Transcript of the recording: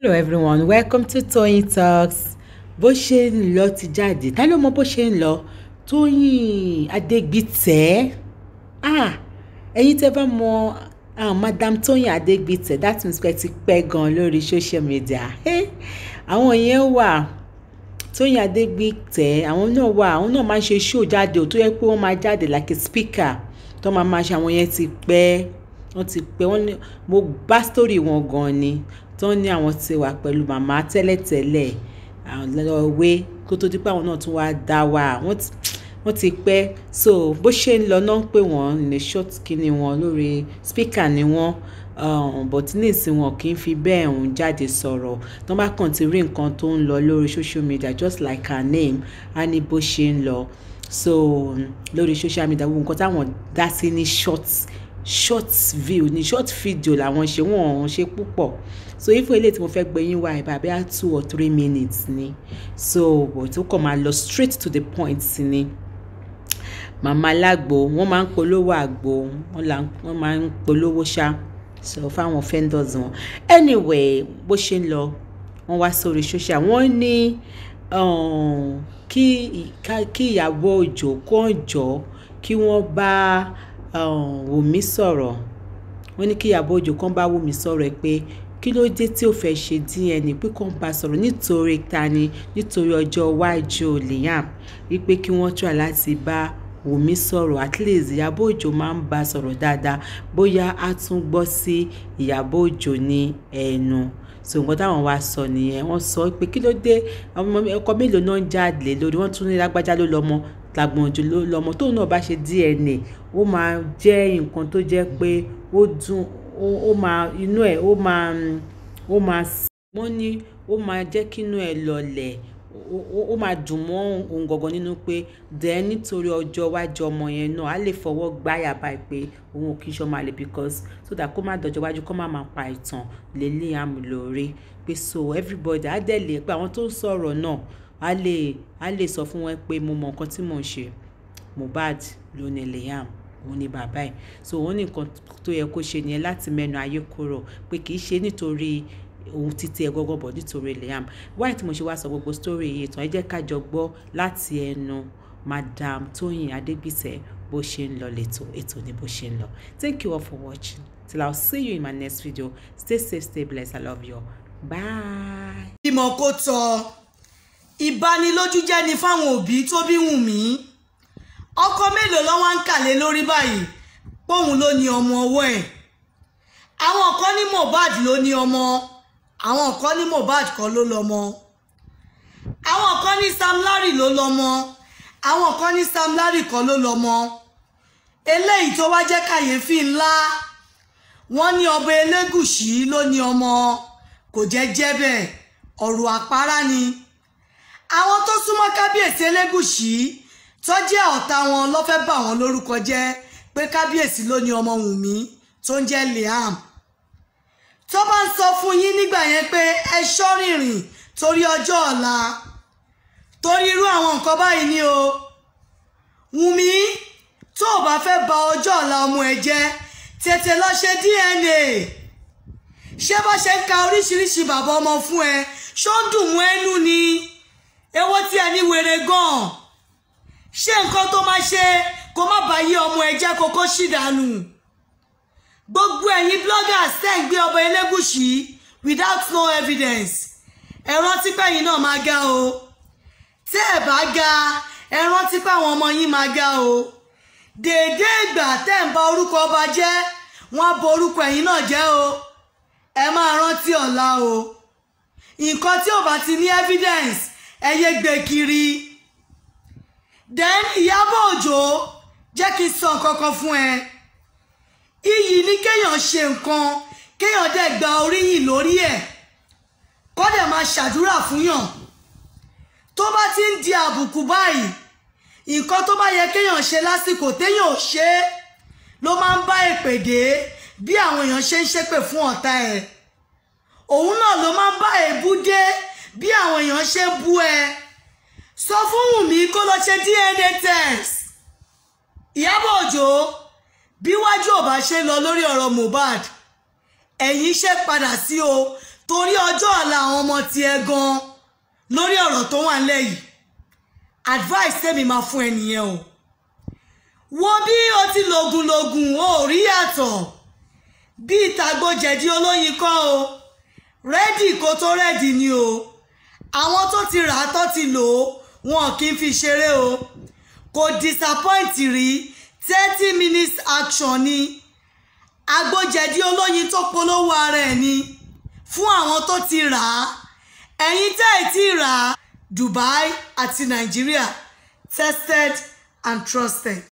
hello everyone welcome to Toyeen Talks bó ṣe ń lọ ti jáde ta ló mọ bó ṣe ń lọ Tóyìn Adégbìtẹ́ ah ẹ̀yin tẹ́ bá mọ ah madam Tóyìn Adégbìtẹ́ that means pé ti pẹ́ gan lórí social media eh, àwọn yẹn wà Tóyìn Adégbìtẹ́ àwọn náà wà àwọn náà máa ń ṣe show jáde ò tó yẹ pé wọ́n máa jáde like a speaker tó máa máa ṣe àwọn yẹn ti pẹ́ wọ́n ti pẹ́ wọ́n ní mo bá sítórì wọn gan ni tó ń ní àwọn ti wà pẹ̀lú màmá tẹ́lẹ̀tẹ́lẹ̀ ọ̀wé kó tó di pé àwọn náà tún wá dá wa wọ́n ti pẹ́ so bó ṣe ń lọ náà pé wọ́n ní short kíni wọn lórí speaker ni wọ́n um, but nísìn wọn kì í fi bẹ́ẹ̀ ń jáde sọ̀rọ̀ tó bá kàn ti rí nǹkan tó ń lọ lórí social media just like her name á ní bó ṣe ń lọ so lórí social media gbogbo nǹkan táwọn dá sí ní short short view ni short video làwọn ṣe wọ́n ṣe púpọ̀ so ifo eléyìí tí mo fẹ́ gbé yín wá ìbá bí two or three minutes ni so but ó kàn máa lọ straight to the point ni màmá lágbo wọ́n máa ń polówó àgbo wọ́n máa ń polówó ṣá so fáwọn vendors wọn anyway bó ṣe ń lọ wọ́n wá sórí social wọ́n ní um, kí ìyàwó òjò kó ń jọ kí wọ́n bá. Um, Wùmí sọ̀rọ̀ wọ́n ní kí Ìyábọ̀ Òjó kan bá Wùmí sọ̀rọ̀ ẹ̀ pé kí ló dé tí ó fẹ́ ṣe DNA pé kàn bá sọ̀rọ̀ nítorí tani nítorí ọjọ́ iwájú Liam wípé kí wọ́n try láti bá Wùmí sọ̀rọ̀ at least Ìyábọ̀ Òjó máa ń bá sọ̀rọ̀ dáadáa bóyá á tún gbọ́ sí Ìyábọ̀ Òjó ní ẹnu so nǹkan táwọn wá sọ nìyẹn wọ́n sọ pé kí ló dé ọkọ mélòó náà ń jáde lórí wọ́n tún ní lágbájá ló lọ́mọ tàgbọ̀n jù lọ́mọ tóun náà bá ṣe DNA ó máa jẹ́ nǹkan tó jẹ́ pé ó dùn ó máa inú ẹ̀ ó máa ó máa wọ́n ní ó máa jẹ́ kí inú ẹ̀ lọlẹ̀ ó máa dùn mọ́ ohun gangan nínú pé then nítorí ọjọ́ iwájú ọmọ yẹn náà á lè fọwọ́ gbáyà báyìí pé òun ò kí ṣọmọ àlè because so that kó má dọjọ́ iwájú kó má máa pa ìtàn lélẹ́yìn àmúlò rí pé so everybody á dẹ̀ lè pé àwọn tó ń sọ̀rọ̀ náà a lè a lè sọ fún wọn pé mo mọ nǹkan tí mò ń ṣe Mohbad ló ni Liam òun ni bàbá ẹ̀ so òun ní nǹkan tó yẹ kó ṣe nìyẹn láti mẹ́nu ayé kúrò pé kì í ṣe nítorí òun títí ẹ gọgọ bọ nítorí Liam wáyé tí mo ṣe wá sọ gbogbo sítórì yìí tán ẹ jẹ́ ká jọ gbọ́ láti ẹnu Madam Tóyìn Adégbìtẹ́ bó ṣe ń lọ lẹ́tọ̀ ètò ní bó ṣe ń lọ thank you all for watching till i'll see you in my next video stay safe stay blessed i love you all bye. ìmọ̀ kò tọ́ ìbanilójú jẹ́ ni fáwọn òbí tó bí wù mí ọkọ mélòó ló wá ń kàlé lórí báyìí póun ló ní ọmọ ọwọ́ ẹ̀ àwọn kan ní Mohbad ló ní ọmọ àwọn kan ní Mohbad kan ló lọ́mọ àwọn kan ní Sam Larry ló lọ́mọ àwọn kan ní Sam kan ló lọ́mọ eléyìí tó wá jẹ́ kàyéfì ńlá wọ́n ní ọba Elégùṣì ló ní ọmọ kò jẹ́ jẹ́ bẹ́ẹ̀ ọ̀rọ̀ àpárá ni àwọn tó súnmọ́ kábíyèsí elégùṣì tó jẹ́ ọ̀tá wọn ló fẹ́ bà wọ́n lórúkọ jẹ́ pé kábíyèsí ló ní ọmọ wùnmí tó ń jẹ́ liam tó bá ń sọ fún yín nígbà yẹn pé ẹ ṣọ́ rìnrìn torí ọjọ́ ọ̀la torí irú àwọn nǹkan báyìí ni o wùnmí tó o bá fẹ́ ba ọjọ́ ọ̀la ọmọ ẹ jẹ́ tètè lọ ṣe dna ṣé bá ṣe ń ka oríṣiríṣi bàbá ọmọ fún ẹ ṣó ń dùn mọ́ ẹnu ni èwo tí ẹni e wèrè gan ṣé nǹkan tó máa ṣe kó má bàa yé ọmọ ẹ jẹ́ kókó ṣìdánù gbogbo ẹ̀yin bloggers tẹ́ ń gbé ọba Elégùṣì without no evidence ẹ rántí pé ẹ̀yin náà máa ga o tẹ́ ẹ̀ bá ga ẹ rántí pé àwọn ọmọ yín máa ga o dèédé ìgbà tẹ́ ń bà orúkọ ọba jẹ́ wọ́n á bọ orúkọ ẹ̀yin náà jẹ́ o ẹ máa rántí ọ̀la o nǹkan tí ò bá ti ní evidence ẹ yé gbé kiri then Ìyábọ̀ Òjó jẹ́ kí n sọ nǹkan kan fún ẹ iyì ni kéèyàn ṣe nǹkan kéèyàn dẹ̀ gba oríyìn lórí ẹ̀ kó máa ṣàdúrà fún yàn tó bá ti ń di àbùkù báyìí nǹkan tó bá yẹ kéèyàn ṣe lásìkò téèyàn ò ṣe é ló máa ń bá èpè dé bí àwọn èèyàn ṣe ń ṣépè fún ọ̀tá ẹ̀ òun náà ló máa ń bá èébú dé bí àwọn èèyàn ṣe bú ẹ sọ fún Wùmí kó lọ ṣe DNA test Ìyábọ̀ Òjó bí wájú ò bá ṣe lọ lórí ọ̀rọ̀ Mohbad ẹ̀yìn iṣẹ́ padà sí o torí ọjọ́ ọ̀la àwọn ọmọ tiẹ̀ gan lórí ọ̀rọ̀ tó wà nílẹ̀ yìí advice tèmi máa fún ẹnìyẹn o wo bí o ti lògùnlògùn o rí yàtọ̀ bí ìtagbó jẹ̀dí olóyin kọ́ o rẹ́dì kó tó rẹ́dì ni o àwọn tó ti rà á tó ti lò ó wọn kì í fi ṣeré o kò disappoint rí thirty minutes action ni agbójẹ̀dí olóyin tó polówó ara ẹ̀ ni fún àwọn tó ti rà á ẹ̀yin tẹ́ ẹ̀ ti rà á Dubai àti Nàìjíríà tested and trusted.